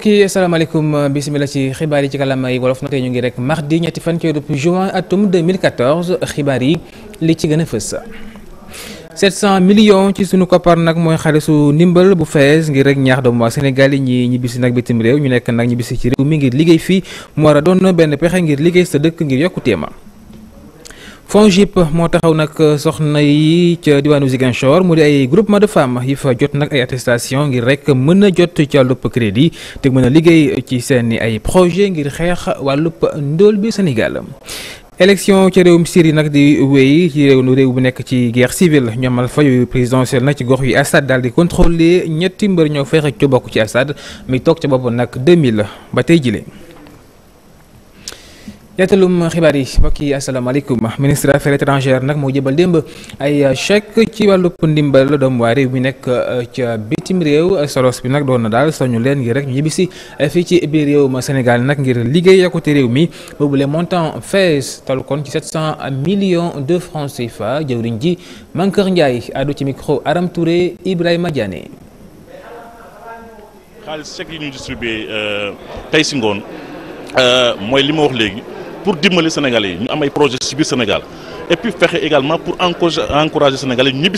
mbokk yi asalaamaaleykum euh, bisimila ci xibaar yi ci kàllaama yi wolof na tey ñu ngi rek mardi ñetti fan ci weeru juin atum xibaar yi li ci gën a fës. 700 millions ci sunu koppar nag mooy xaalisu ndimbal bu fees ngir rek ñaax doomu waa Sénégal yi ñi ñibbisi nag bitim réew ñu nekk nag ñibbisi ci réew mi ngir liggéey fii mu war a doon benn pexe ngir liggéey sa dëkk ngir yokku téema FONGIP e moo taxaw nag euh, soxna yi ca diwaanu Ziguinchor mu di ay groupement de femmes yi fa jot nag ay ngir rek mën a jot ci wàllub crédit te mën a liggéey ci seen ay projet ngir xeex wàllub ndool bi Sénégal. élection ca réewum Syrie nag di wéy ci réew réew bu nekk ci geex civile ñu amal fa yooyu présidentielle nag ci gox yi Assad daal di contrôler ñetti mbër ñoo fexe ca bokk ci Assad mi toog ca bopp nag 2000 ba tey jile nettalum xibaar yi mbokk yi asalaamaaleykum ministre affaires étrangères nak moo jëbal démb ay chèque ci wàllub ndimbal le waa réew mi nekk euh, ca bitim rew, soros bi nag doon na daal soñu leen ngir rek ñu ñibbisi euh, ci biir réew ma Sénégal nag ngir liggéey yokkute rew mi boobu le montant fees tol kon ci 700 millions de francs CFA jëwriñ ji Mankeur Ndiaye àddu ci micro Aram Touré Ibrahima Diané. xaalis chèque yi ñu distribué euh, tey si ngoon mooy li ma wax pour les Sénégalais nous avons des projet Sénégal et puis faire également pour encourager les Sénégalais mais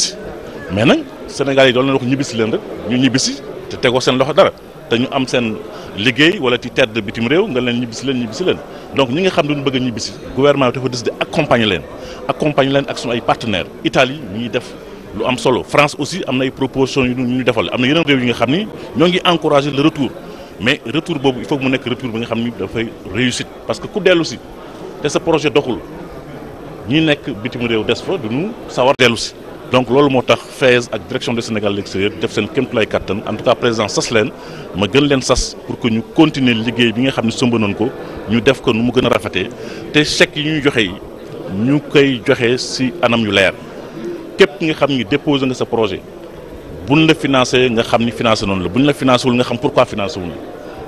les Sénégalais wax nous leen rek ñu Nous loxo dara ñu am liggéey wala les bitim donc ñi nga xam nous gouvernement a décidé accompagner accompagner partenaires Italie France aussi am na ay propositions Nous le retour mais retour il faut que nous retour parce que coup d'elle te ce projet doxul ñi nekk bitim réew des fa duñu sawar dellu si donc loolu moo tax FAES ak direction de senegal à l'extérieur def seen kéemtulaay kattan en tout cas président sas leen ma gën leen sas pour que ñu continuer liggéey bi nga xam ne sëmba noonu ko ñu def ko nu mu gën a rafetee te chèque yi ñuy joxe yi ñu koy joxe si anam yu leer képp nga xam déposé nga ce projet buñ la financé nga xam ni financé noonu la buñ la financé wul nga xam pourquoi financé wul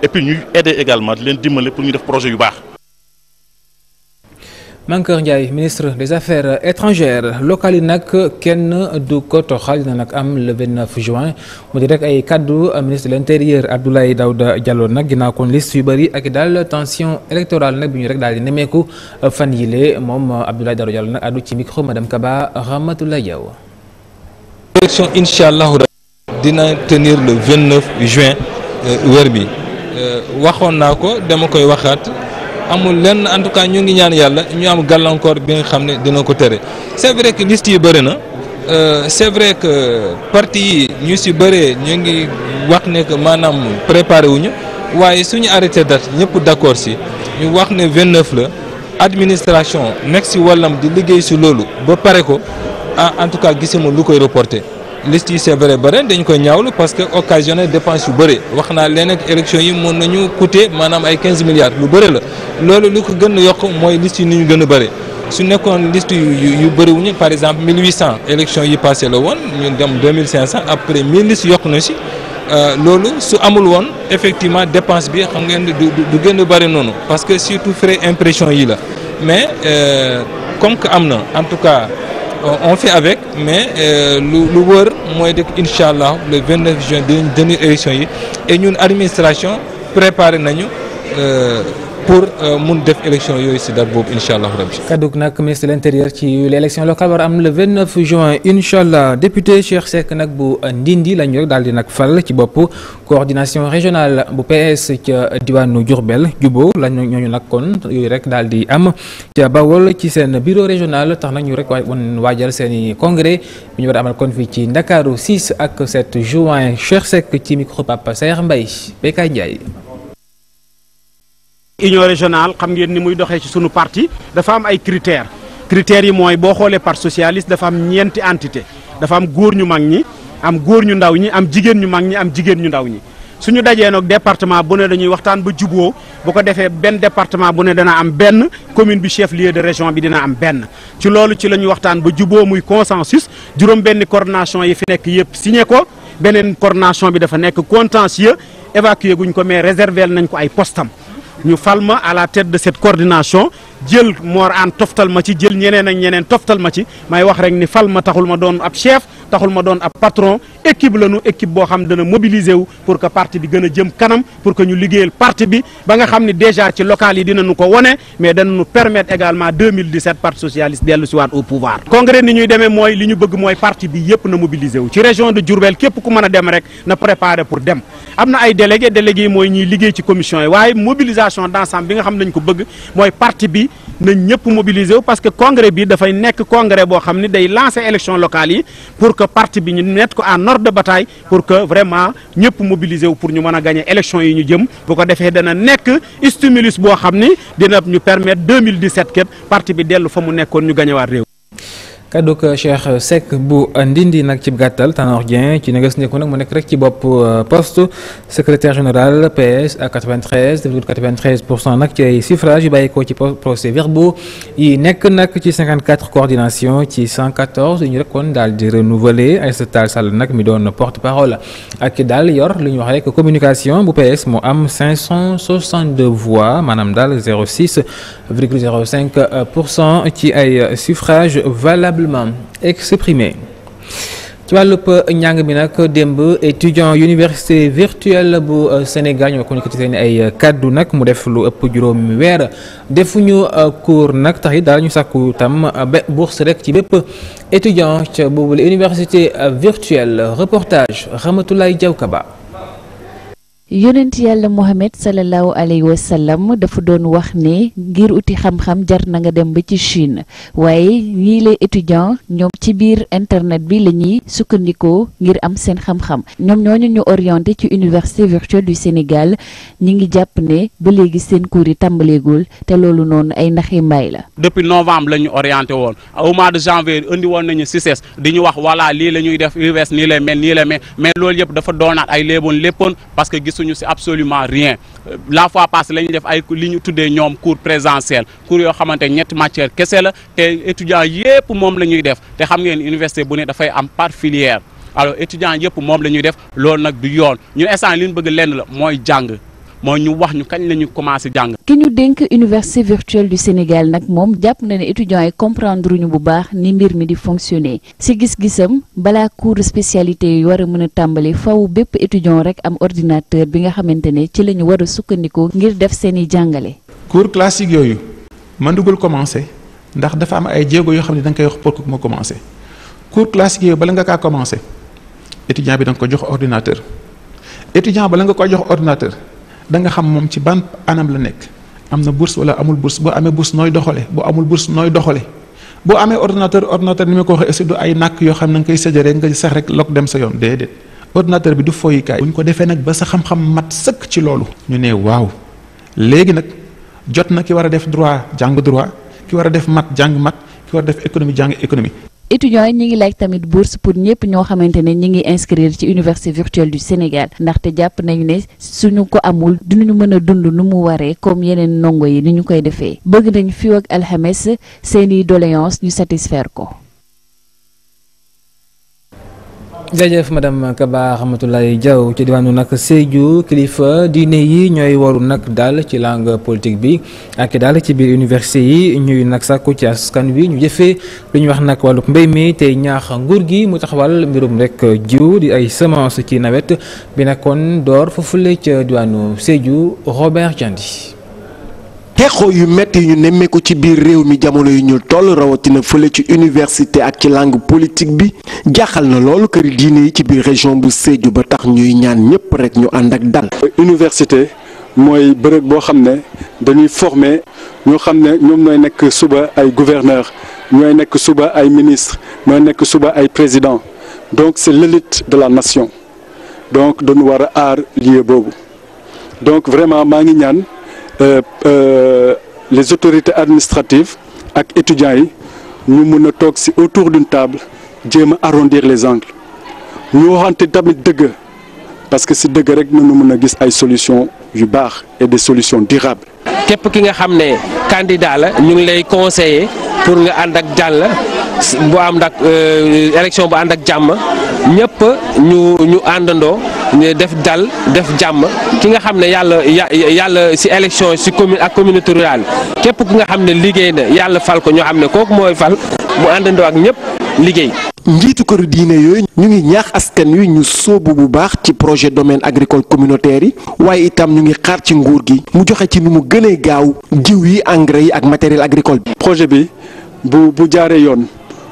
et puis ñuy aider également di leen dimbale pour ñu def projet yu baax. Mankeur Ndiaye ministre des affaires étrangères local yi ken kenn du ko toxal dina am le 29 juin mu di rek ay kaddu ministre de l'Intérieur, Abdoulaye Daouda Diallo nak, gina kon liste yu ak dal tension électorale nak bi ñu rek daal fan yile mom Abdoulaye Daouda Diallo nak addu ci micro madame Kaba Rahmatoulaye Diaw. élection Inch'Allah, dina tenir le 29 juin euh, weer bi euh, waxoon nako, ko amul lenn en tout cas ñu ngi ñaan yàlla ñu am gàllankoor bi nga xam ne dina ko tere c'est vrai que liste yi bëri na euh, c'est vrai que parti yi ñu si bëree ñu ngi wax ne que maanaam préparé ñu waaye suñu arrêté date ñëpp d'accord si ñu wax ne 29 la administration nekk si wàllam di liggéey si loolu ba pare ko ah, en tout cas gisuma lu koy reporter liste yi c'est vrai bare dañ koy ñaawlu parce que occasionnel dépense yu bëri wax naa leen ak élection yi mën nañu coûté maanaam ay 15 milliards lu bëri la loolu lu ko gën a yokk mooy liste yi ni ñu gën a bëri su nekkoon liste yu yu bëriwuñu par exemple 1800 élection yi passé la woon ñu dem 2500 après mille listes yokk na si euh, loolu su amul woon effectivement dépense bi xam ngeen du du gën a bëri noonu parce que surtout frais impression yi la mais euh, comme que am na en tout cas on fait avec mais euh, le le wër le 29 juin de dënnu élection et une administration préparé nous pour euh, mun def élection yoy si date boobu incha allah rabi. nak ministre de l' ci l'élection locale war am le 29 juin inshallah député Cheikh sek nak bu Ndindi la ñu rek daal di fal ci bop coordination régionale bu PS ca diwaanu Diourbel jubóo la ñu nak kon yooyu rek daldi am ci Bawol ci sen bureau régional tax nak ñu rek wajal sen congrès bi ñu war a amal kon fii ci Ndakaaru 6 ak 7 juin Cheikh sek ci micro Papa Sayer Mbaye bekay Ndiaye. union régionale xam ngeen ni muy doxee ci sunu parti dafa am ay critères critère yi mooy boo xoolee parti socialiste dafa am ñeenti entité dafa am góor ñu mag ñi am góor ñu ndaw ñi am jigéen ñu mag ñi am jigéen ñu ndaw ñi suñu dajee nag département bu ne dañuy waxtaan ba juboo bu ko defee benn département bu ne dana am benn commune bi chef lieu de région bi dina am benn ci loolu ci la ñu waxtaan ba juboo muy consensus juróom benn coordination yi fi nekk yëpp signé ko beneen coordination bi dafa nekk contentieux évacué guñ ko mais réservé nañ ko ay postam ñu fal ma à la tête de cette coordination jël Mor An toftal ma ci jël ñeneen ñeneen toftal ma ci may wax rek ni fal ma taxul ma doon ab chef taxul ma doon ab patron équipe la ñu équipe boo xam dana mobiliser wu pour que parti bi gën a jëm kanam pour que ñu liggéeyal parti bi ba nga xam ne déjà ci local yi dinañu ko wone mais danañu permettre également 2017 parti socialiste dellu si waat au pouvoir congrès ni ñuy demee mooy li ñu bëgg mooy parti bi yépp na mobiliser wu ci région de Diourbel képp ku mën a dem rek na préparer pour dem am na ay délégué délégué yi mooy ñuy liggéey ci commission yi waaye mobilisation d'ensemble bi nga xam nañ ko bëgg mooy parti bi nous ñëpp mobiliser parce que congrès bi congrès a lancé l'élection day locale pour que parti bi en ordre de bataille pour que vraiment ñëpp mobiliser pour ñu gagner l'élection. yi ñu jëm bu ko stimulus pour nous permettre 2017 que parti bi en fa mu bataille. gagner kaddu ko Cheikh sek bu ci ci rek ci euh, poste secrétaire général PS à 93 93 nak suffrage ci procès verbaux yi que 54 coordination ci 114 ñu renouveler porte parole ak dal yor communication bu PS mo am 562 voix manam Dal 06 suffrage valable préalablement exprimé. ci wàllub njàng mi nag étudiant université virtuelle bu euh, Sénégal ñoo ko ñu ko ci seen ay kaddu nag mu def lu ëpp juróomi weer defuñu euh, cours nag tax it daal tam euh, bourse rek ci étudiant ca boobule université virtuelle reportage Ramatoulaye Diaw yonent yàlla Muhammad sallallahu alayhi wa dafa doon wax ne ngir uti xam-xam jar na nga dem ba ci Chine waaye ñii lay étudiant ñoom ci biir internet bi la ñuy sukkandikoo ngir am seen xam-xam ñoom ñooñu ñu orienté ci université virtuelle du Sénégal ñi ngi jàpp ne ba léegi seen cours yi tàmbaleegul te loolu noonu ay naxi mbaay la. depuis novembre la ñu orienté woon au mois de janvier indi woon nañu CICES di ñu wax voilà lii la ñuy def UVS nii lay mel nii lay mel mais loolu yëpp dafa doonaat gisuñu si absolument rien euh, la fois passée la ñuy def ay li ñu tuddee ñoom cours présentiel cours yoo xamante ñetti matière kese la te étudiants yépp moom la ñuy def te xam ngeen université bu ne dafay am par filière alors étudiants yépp moom la ñuy def lool nag du yoon ñun instant li bëgg lenn la mooy jàng moo ñu wax ñu kañ la ñu commencé jàng. ki ñu dénk université virtuelle du Sénégal nag moom jàpp na ne étudiants yi comprendre ñu bu baax ni mbir mi di fonctionner si gis-gisam balaa cours spécialité yi war a mën a tàmbali faw bépp étudiant rek am ordinateur bi nga xamante ne ci la ñu war a sukkandiku ngir def seen i jàngale. cours classique yooyu man dugul commencé ndax dafa am ay jéego yoo xam ne da koy wax pour que ma commencé cours classique yooyu bala nga kaa commencé étudiant bi da nga ko jox ordinateur étudiant bala nga ko jox ordinateur. da nga xam moom ci ban anam la nekk am na bourse wala amul bourse boo amee bourse nooy doxale boo amul bourse nooy doxale boo amee ordinateur ordinateur ni ma ko waxee aussi ay nàkk yoo xam ne nga koy séddale nga sax rek lok dem sa yoon déedéet ordinateur bi du foyikaay. bu ñu ko defee nag ba sa xam-xam mat sëkk ci loolu. ñu ne waaw léegi nag jot na ki war a def droit jàng droit ki war a def mat jàng mat ki war a def économie jàng économie. étudiants yi ñi ngi laaj tamit bourse pour ñëpp ñoo xamante ne ñi ngi inscrire ci université virtuelle du Sénégal ndaxte jàpp nañu ne suñu ko amul duñu mën a dund nu mu waree comme yeneen ndongo yi ni ñu koy defee bëgg nañu fi ak alxames seeni doléance ñu satisfaire ko jërëjëf madame Kaba Rahmatoulaye Diaw ci diwaanu nag Sédhiou kilifa diine yi ñooy waru nag daal ci langue politique bi ak daal ci biir université yi ñuy nag sàkku ci askan wi ñu jëfee lu ñu wax nag wàllub mbay mi tey ñaax nguur gi mu tax taxawal mbirum rek jiw di ay semence ci nawet bi nekkoon door foofule ca diwaanu Sédhiou Robert Diandi. texo yu metti ñu ñu ko ci biir réew mi jamono yu ñu toll rawatina fële ci université ak ci langue politique bi jaaxal na loolu këri diine yi ci biir région bu Sédhiou ba tax ñuy ñaan ñëpp rek ñu ànd ak dal. université mooy bërëb boo xam ne dañuy former ñoo xam ne ñoom ñooy nekk suba ay gouverneur ñooy nekk suba ay ministre ñooy nekk suba ay président donc c'est l'élite de la nation donc dañu war a aar lieu boobu donc vraiment maa ngi ñaan. Euh, euh, les autorités administratives les étudiants nous ñu mun autour d'une table pour arrondir les angles ñu waxante tamit deux parce que si deux rek ñu nous a gis solutions yu bar et des solutions durables. Quelqu'un ki nga xam candidat nous ñu conseillons lay conseiller pour nga ànd bu am nag euh, élection bu ànd ak jàmm ñëpp ñu ñu àndandoo def jàll def jàmm ki nga xam ne yàlla yàlla si élection si commune ak communauté rurale képp ku nga xam ne liggéey na yàlla fal ko ñoo xam ne kooku mooy fal mu àndandoo ak ñëpp liggéey. njiitu këru diine yooyu ñu ngi ñaax askan wi ñu sóobu bu baax ci projet domaine agricole communautaire yi waaye itam ñu ngi xaar ci nguur gi mu joxe ci nu mu gënee gaaw jiw yi engrais yi ak matériel agricole bi. projet bi bu bu jaaree yoon.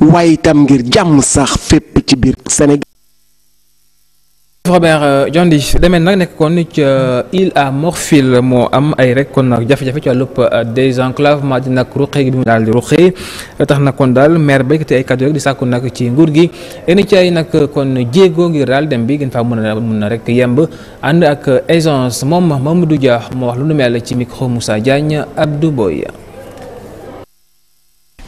waaye itam ngir jàmm sax fépp ci biir Sénégal. Robert euh, John di demee nag nekk kon ci euh, île à Morphil moo am ay rek kon nag jafe-jafe ci wàllub ma euh, di nag ruqee bi mu daal di ruqee tax na kon daal mer ba te ay kàddu rek di sàkku nag ci nguur gi yenn ci ay nag kon jéego ngir daal dem bi gën fa mën a mën na rekk yemb ànd ak aisance moom Mamadou Dia moo wax lu nu mel ci micro Moussa Diagne Abdou Boye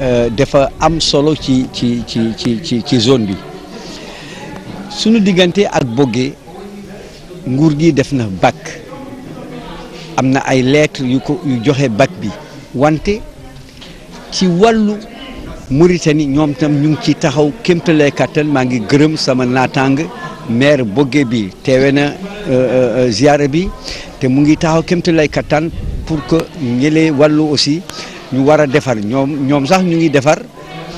Euh, dafa am solo ci ci ci ci ci ci zone bi suñu diggante ak Bogué nguur gi def na bac am na ay leet yu ko yu joxe bac bi wante ci wàllu Mauritanie ñoom tam ñu ngi ci taxaw kéemtalaay kattan maa ngi gërëm sama naataang maire Bogué bi teewe na euh, euh, ziara bi te mu ngi taxaw kéemtalaay kattan pour que ñëlee wàllu aussi ñu war a defar ñoom ñoom sax ñu ngi defar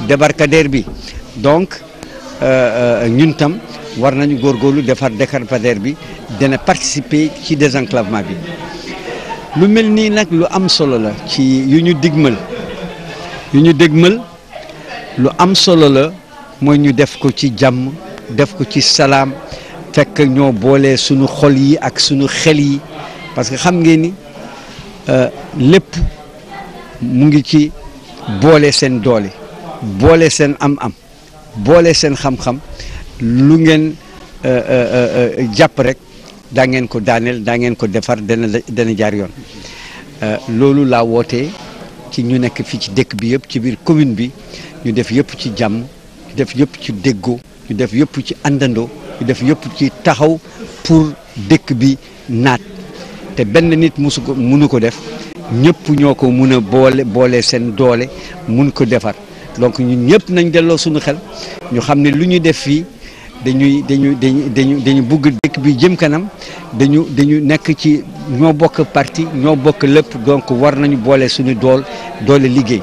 débarcadère bi donc euh, euh, ñun tam war nañu góorgóorlu defar débarcadère bi dana participer ci désenclavement bi lu mel nii nag lu am solo la ci yu ñu digmal yu ñu digmal lu am solo la mooy ñu def ko ci jàmm def ko ci salaam fekk ñoo boole suñu xol yi ak suñu xel yi parce que xam ngeen ni euh, lépp. mu ngi ci boole seen doole boole seen am-am boole seen xam-xam lu ngeen euh, euh, euh, jàpp rek daa ngeen ko daaneel daa ngeen ko defar dana dana jaar yoon loolu laa wootee ci ñu nekk fii ci dëkk bi yëpp ci biir commune bi ñu def yëpp ci jàmm def yëpp ci déggoo ñu def yëpp ci àndandoo ñu def yëpp ci taxaw pour dëkk bi naat te benn nit musu ko mënu ko def ñëpp ñoo ko mun a boole boole seen doole mun ko defar donc ñun ñëpp nañ delloo suñu xel ñu xam ne lu ñu def fii dañuy dañu dañu dañu dañu bugg dëkk bi jëm kanam dañu dañu nekk ci ñoo bokk parti ñoo bokk lépp donc war nañu boole suñu dool doole liggéey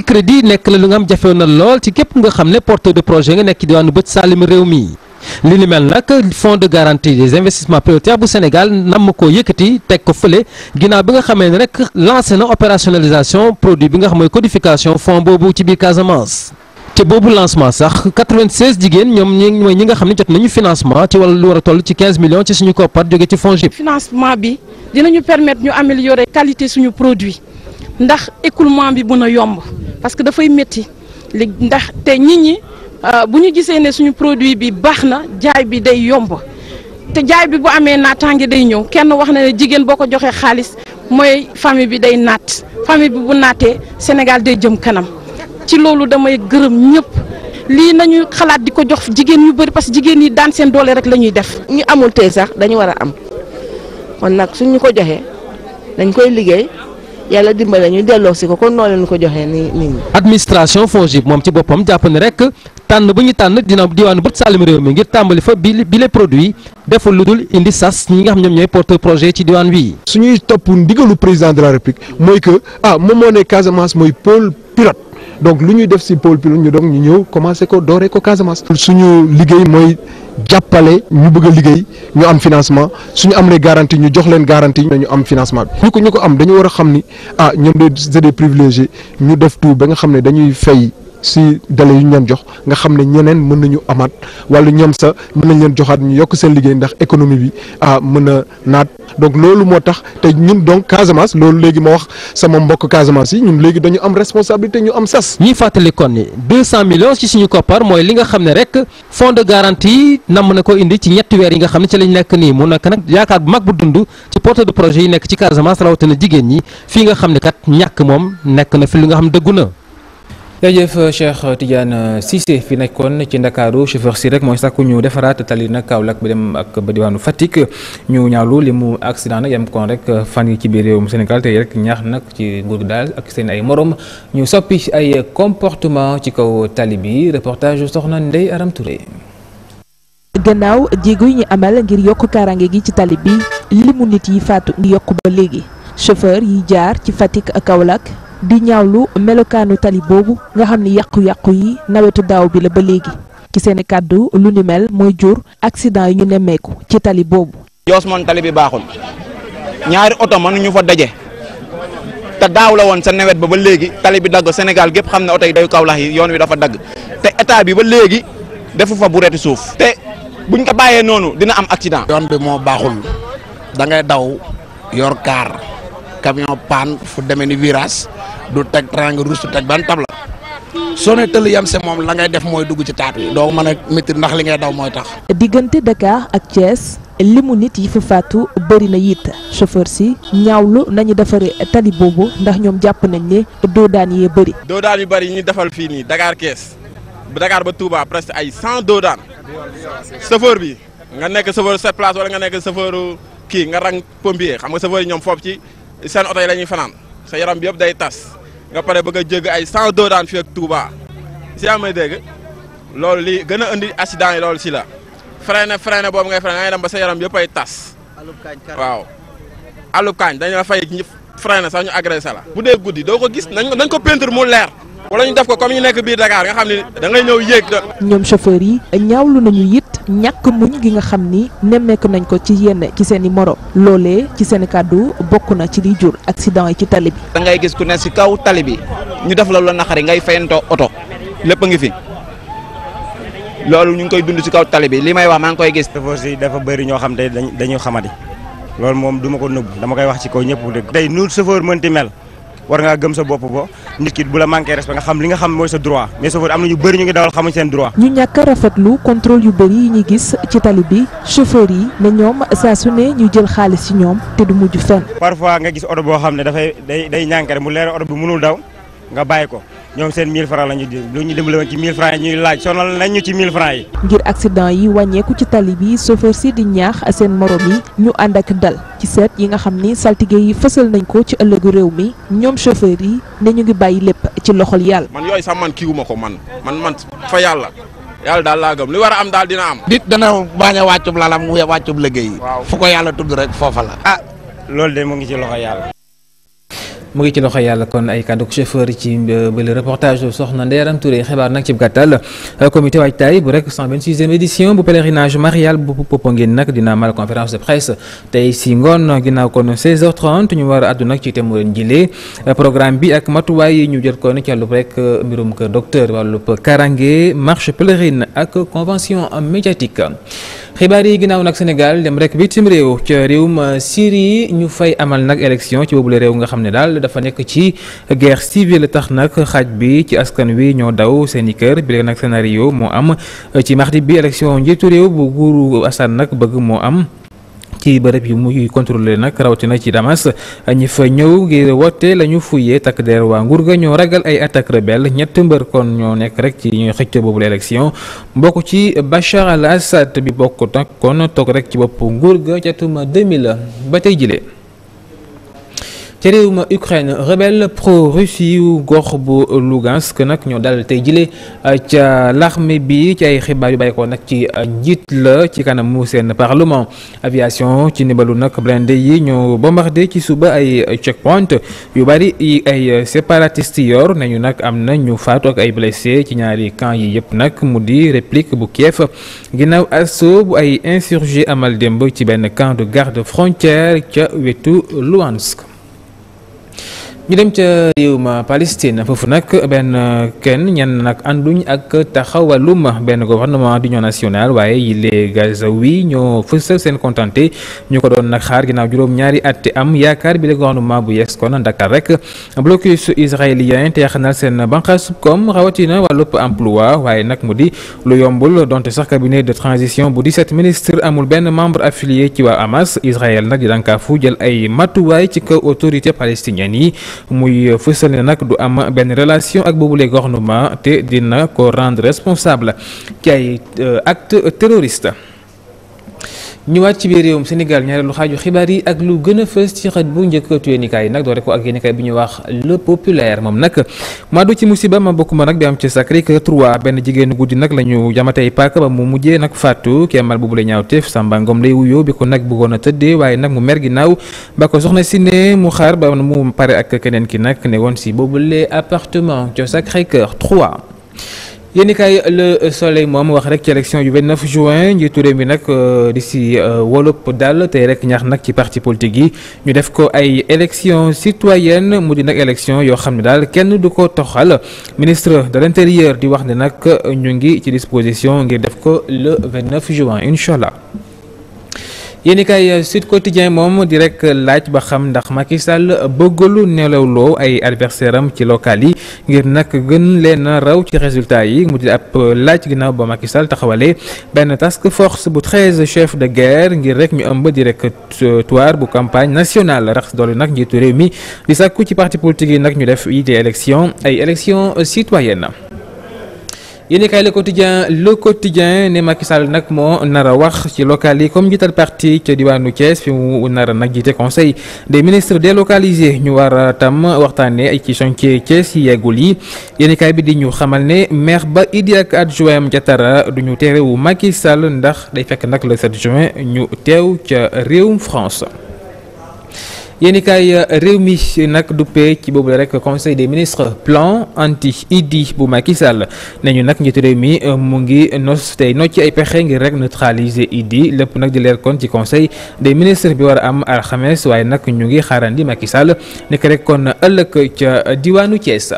wuti crédit que la lu nga am jafew na lool ci képp nga xam porteur de projet nga nek diwaanu bët salim réew mi li ni mel nak fonds de garantie des investissements prioritaires bu Sénégal nam ko yëkkati teg ko fële ginaaw bi nga xamee rek lancer na opérationnalisation produit bi nga xam codification fonds bobu ci bi Casamance. te bobu lancement sax 96 jigéen ñom ñi ñi nga xamni nañu financement ci wala lu toll ci 15 millions ci suñu koppar jóge ci fonds GIP. financement bi dinañu permettre ñu améliorer qualité suñu produit ndax écoulement bi buna yomb. parce que dafay métti li ndax te ñi ñi euh, bu ñu gisee ne suñu produit bi baax na jaay bi day yomb te jaay bi bu amee naataange day ñëw kenn wax na ne jigéen boo ko joxee xaalis mooy famille bi day naat famille bi bu naatee Sénégal day jëm kanam ci loolu damay gërëm ñëpp lii nañu xalaat di ko jox jigéen ñu bëri parce que jigéen yi daan seen doole rek la ñuy def. ñu amul tey sax dañu war a am kon nag suñu ko joxee dañ koy liggéey. yàlla dimbale ñu delloo ko kon noo leen ko joxee ni nit ñi. administration FONGIP moom ci boppam jàpp ne rek tànn bu ñu tànn dina diwaanu bët saalum réew mi ngir tàmbali fa bi bi les produits deful lu dul indi sas ñi nga xam ñoom ñooy porteur projet ci diwaan wi. su ñuy topp ndigalu président de la république mooy que ah moom moo ne Casamance mooy pôle pilote. donc lu ñuy def ci pôle Pilon ñu doog ñu ñëw commencé ko doré ko Casamance. suñu liggéey moy jappalé ñu bëgg liggéey ñu am financement suñu les garantie ñu jox leen garantie ñu am financement bi. ñu ko ñu ko am dañu wara xamni ah ñoom de c'est des privilégiés ñu def tout ba nga xamné dañuy fay. si délai yu ñu jox nga xam ne ñeneen mën nañu amaat wala ñoom sa mën nañ leen joxaat ñu yokk seen liggéey ndax économie bi ah, mën a naat donc loolu moo tax te ñun donc Casamance loolu léegi ma wax sama mbokk Casamance yi ñun léegi dañu am responsabilité ñu am sas. ñuy fàttali kon ni 200 millions ci suñu koppar mooy li nga xam ne rek fonds de garantie namm na ko indi ci ñetti weer yi nga xam ne ci lañ nekk nii mu nekk nag yaakaar bu mag bu dund ci porteur de yi nekk ci Casamance rawatina jigéen ñi fii nga xam ne kat ñàkk moom nekk na fi li nga xam dëggu na. jërëjëf Cheikh Tidiane Cissé fi nekkoon ci ndakaaru chauffeur si rek mooy sàkku ñu defaraat tali nag Kaolack ba dem ak ba diwaanu Fatick ñu ñaawlu li mu accident nag yam kon rek fan yi ci biir réewum Sénégal te rek ñax nag ci nguur gi daal ak seen ay moroom ñu soppi ay comportement ci kaw tali bi reportage soxna Ndeye Aram Touré. gannaaw jéego yi ñu amal ngir yokk kaaraange gi ci tali bi limu nit yi faatu ngi yokk ba léegi chauffeur yi jaar ci Fatick ak Kaolack. di ñawlu melokanu tali bobu nga xamni yaqku yaqku yi nawetu daw bi la ba legi ci seen lu ñu mel moy jur accident yi ñu nemmeeku ci tali bobu joos moon tali bi baxul ñaari oto ñu fa dajé ta daw la won sa nawet ba ba legi tali bi dag Sénégal gep xam auto yi day kawlax yi yoon wi dafa dag te état bi ba legi defu fa bu reeti suuf te buñ ko bàyyee nonu dina am accident yoon bi mo baxul da ngay daw yor car, camion pan fu demee ni virage du tek triangle rouge tek ban benn tabla soo ne yam si mom la ngay def moy duggu ci taat do doo mën a ndax li ngay daw moy tax. diggante Dakar ak Thiès limu nit yi fa fatu bari na yitt chauffeur si ñaawlu nañu defaree tali bobu ndax ñom japp nañ daan doodaan bari do daan yu bari ñi defal fi ni Dakar Thiès bu Dakar ba Touba presque ay do daan chauffeur bi nga nek chauffeur sept place wala nga nek chauffeur ki nga rang pompier xam nga chauffeur ñom fop ci sen auto lañuy la sa yaram bi yop day tass nga pare bëgg a jégg ay cent doodaan fii ak Touba si yaa may dégg loolu li gën a indi accident yi loolu si la freiné freiné boobu ngay freiné ngay dem ba sa yaram yëpp ay tas. waaw alub kaañ dañ a fay freiné sax ñu agressé la. bu dee guddi doo ko gis nañ ko nañ ko peinture mu leer. wala ñu def ko comme ñu nekk biir Dakar nga xam ne da ngay ñëw yéeg da ñoom chauffeur yi ñaawlu nañu it ñàkk muñ gi nga xam ni nemmeeku nañ ko ci yenn ci seen i moro loolee ci seen kàddu bokk na ci li jur accident yi ci tali bi da ngay gis ku ne si kaw tali bi ñu def la la naqari ngay fayantoo oto lépp a ngi fi loolu ñu ngi koy dund ci kaw tali bi li may wax maa ngi koy gis chauffeur yi dafa bëri ñoo xam te dañu xamadi loolu moom du ma ko nëbb dama koy wax ci kaw ñëpp dëgg tey nu chauffeur mënti mel war nga gëm sa bop bo nit ki bu la manqué respect nga xam li nga xam moy sa droit mais chauffeur am na ñu bëri ñu ngi dawal xamuñ seen droit. ñu ñak a rafetlu contrôle yu bari yi ñi gis ci tali bi chauffeur yi ne ñom sa suné ñu jël xaaliss ci ñom té du muju fenn. parfois nga gis auto bo xamné da fay day day mu leer auto bi mënul daw nga bayiko ñom seen 1000 francs lañu di lu ñu dimbali woon ci 1000 francs ñuy laaj sonal nañ ci 1000 francs yi. ngir accident yi wàññeeku ci talibi bi chauffeur si di ñaax seen morom yi ñu ànd ak dal ci set yi nga xam ni saltige yi fessel nañ ko ci ëllëgu réew mi ñom chauffeur yi né ñu ngi bayyi lepp ci loxol yàlla. man yoy sa man kiwuma ko man man man fa yàlla. yàlla daal la gam li wara am dal dina am. dit dana bañ a wàccub lalam wàccub liggéey yi. waaw fu ko yàlla tuddu rek fofa la. ah loolu de mo ngi ci loxo yàlla. mu ci loxo yàlla kon ay kàddu chauffeur ci euh, bële reportage soxna Ndeeram Touré xibaar nag ci gàttal euh, comité waajtaay bu rek 126e édition bu pèlerinage marial bu Popenguine nag dina mal conférence de presse tey si ngoon ginnaaw kon 16h30 ñu war a nag ci thème ren jile euh, programme bi ak matuwaay yi ñu jël kon ci wàllub rek mbirum kër docteur wàllub karange marche pèlerine ak convention médiatique. xibaar yi ginnaaw nag Sénégal dem rek bitim réew ca réewum Syrie ñu fay amal nag élection ci boobule réew nga xam ne daal. Sénégal dafa nekk ci guerre civile tax nag xaaj bi ci askan wi ñoo daw seen i kër bi nag scénario moo am ci mardi bi élection njiitu réew bu nguuru Assane nag bëgg moo am. ci bërëb yi muy contrôlé nag rawtina ci Damas ñi fa ñëw ngir woote la ñu fuyee takk der waa nguur ga ñoo ragal ay attaque rebelle ñett mbër kon ñoo nekk rek ci ñuy xëcc boobu la élection bokk ci Bachar al Assad bi bokk nag kon toog rek ci bopp nguur ga ca tuma 2000 ba tey jilee Tereum Ukraine rebelle pro Russie ou gox Lugansk nak ñoo dal tay jilé euh, ci l'armée bi ci ay xibaay yu bàyyikoo ci euh, njit la ci kanam seen parlement aviation ci ndimbalu nak blindé yi ñoo bombardé ci suba ay euh, checkpoint yu bari ay séparatistes yor nañu nak amna ñu faato ak ay blessé ci ñaari camp yi yep nak mu réplique bu Kiev ginnaaw assaut bu ay insurgé amal ci ben camp de garde frontière ci wetu Luhansk ñu dem ca réewum Palestine foofu nag benn kenn ñenn nag ànduñ ak taxawalum benn gouvernement d'union nationale waaye yile Gazawi ñoo fësal seen kontante ñu ko doon nag xaar ginnaaw juróom-ñaari at am yaakaar bi la gouvernement bu yees kon Dakar rek blocus israélien te yaxanal seen banqaasub koom rawatina wàllub emploi waaye nag mu di lu yombul donte sax cabinet de transition bu 17 ministre amul benn membre affilié ci waa Hamas Israël nag di dànkaafu jël ay matuwaay ci kaw autorité palestinienne yi muy fësal ne nag du am benn relation ak boobu boobule gouvernement te dina ko rendre responsable ci ay euh, acte terroriste ñu ñëwaat ci biir réewum Sénégal ñaareelu xaaju xibaar yi ak lu gën a fës ci xët bu njëkk yéenekaay yi nag doore ko ak yéenekaay bi ñuy wax le populaire moom nag maa du ci musiba ma bokk ma nag bi am ci Sacré-Cœur 3 benn jigéenu guddi nag la ñu jamatey paaka ba mu mujjee nag fàttu kemal boobu la ñaaw teef Samba Ngom lay wuyoo bi ko nag bëggoon a tëddee waaye nag mu mer ginnaaw ba ko soxna si ne mu xaar ba mu pare ak keneen ki nag ne woon si boobulee appartement ci Sacré-Cœur 3 yéen le soleil mom wax rek ci élection du 29 juin njiitu touré mi nak euh, di euh, wolop dal té rek ñaax nak ci parti politique yi ñu def ko ay élection citoyenne mu di nak élection yo xamni dal kenn du ko toxal ministre de l'intérieur di wax ne nak ñu ngi ci disposition ngir def ko le 29 juin inshallah yéen Sud Quotidien Mom direct rek laaj ba xam ndax Macky Sall bëggalu nelawloo ay adversaire ci local yi ngir nak gën leen raw ci résultat yi mu di app laaj ginaaw ba Macky Sall taxawale ben task force bu treize chefs de guerre ngir rek ñu ëmb directoire bu campagne nationale rax doolu nag njiitu réew mi di sàkku ci parti politique yi ñu def yi élection ay élection citoyenne yéeni kaay le quotidien le quotidien ne Macky Sall nag moo nar a wax ci local yi comme njiital parti ca diwaanu Thiès fi mu nar a nag jiite conseil des ministres délocalisés ñu war a tam waxtaane ay ci chantier Thiès yi yeggul yi yéeni bi di ñu xamal ne maire ba idi at juin am jatara du ñu teerewu Macky Sall ndax day fekk nag la 7 juin ñu teew ca réewum France yéeni euh, réew mi nag duppee ci boobu la rek conseil des ministres plan anti idi bu Macky Sall ñu nag njiitu réew mi euh, mu ngi nos tey nocc ci ay pexe ngir rek neutraliser idi lépp nag di leer kon ci conseil des ministres bi war a am alxames waaye nag ñu ngi xaarandi Macky Sall nekk rek kon na ëllëg ca diwaanu Thiès.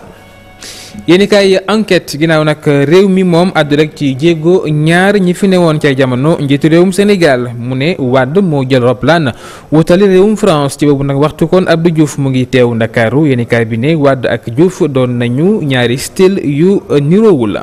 yéen i kaay enquête ginnaaw nag réew mi moom àddu rek ci jéego ñaar ñi fi woon cay jamono njiitu réewum Sénégal mu ne Wàdd moo jël roplaan wutali réewum France ci boobu nag waxtu kon Abdou Diouf mu ngi teew Ndakaaru yéen bi ne Wàdd ak Diouf doon nañu ñaari style yu niroowul la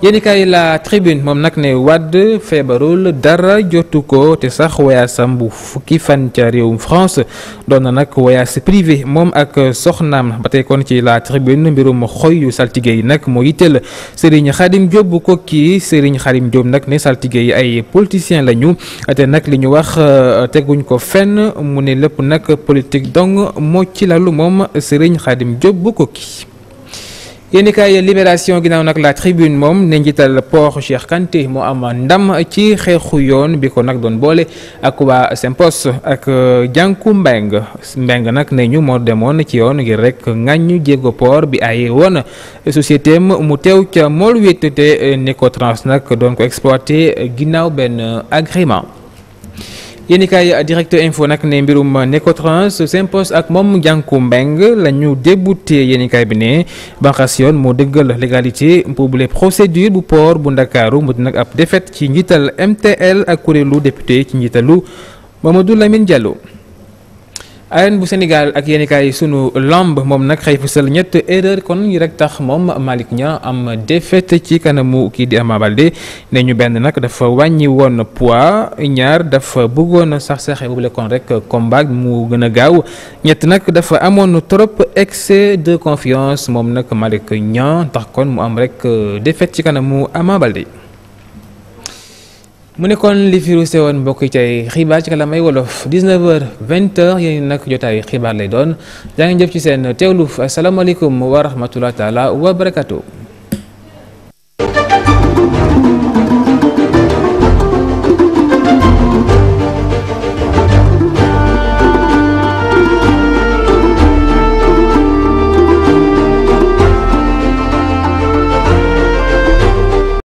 Yenikay la tribune mom nak ne Wade dara Jotuko, ko te sax woyaasam bu fukki fan France don na privé mom ak soxnam batay kon ci la tribune mbirum xoy yu Nak yi nag Serigne Khadim Diop ko ki Serigne Khadim Diop nak ne saltige ay politicien lañu te nak liñu wax euh, teguñ ko fenn mu ne politique dong mo ci lalu mom Serigne Khadim Diop yéen kaay libération ginaaw nag la tribune moom ne njiital port Cheikh Kanté moo am ndam ci xeexu yoon bi ko nag doon boole ak waa Sempos ak euh, jànku mbeng mbeng nag ne ñu moo demoon ci yoon ngir rek ŋàññu jéego port bi ay wana société mu teew ca mool wétt te euh, Necotrans nag doon ko exploité ginnaaw benn agrément yéen kaay direct info nag ne mbirum Necotrans s'impose ak moom Diankou Mbengue la ñu débouté yéen i kaay bi ne banqaas yoon moo dëggal légalité boobu les procédure bu port bu Ndakaaru mu di nag ab défaite ci njiital MTL ak kuréelu député ci njiitalu Mamadou Lamine Diallo. arène bu Sénégal ak yéen kaay sunu lamb moom nag xëy fësal ñett erreur kon yi rek tax moom Malick Niang am défaite ci kanamu kii di Ama Baldé ne ñu benn nag dafa wàññi woon poids ñaar dafa bëggoon sax saxe boobule kon rek combat mu gën a gaaw ñett nag dafa amoon trop excès de confiance moom nag malik Niang tax kon mu am rek défaite ci kanamu Ama Baldé. mu nekkoon li fi ruuse woon mbokk yi tey xibaar ci kalamay wolof 19h 20h yéen nag jotaayu xibaar lay doon jaa ngi jëf ci seen teewlu asalaamaaleykum wa rahmatulah taala wa barakaatu.